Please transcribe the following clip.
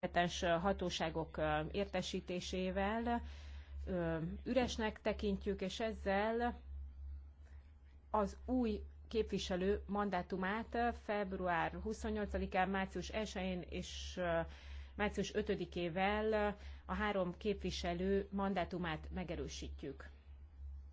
kompetens hatóságok értesítésével üresnek tekintjük, és ezzel az új képviselő mandátumát február 28-án, március 1-én és március 5-ével a három képviselő mandátumát megerősítjük.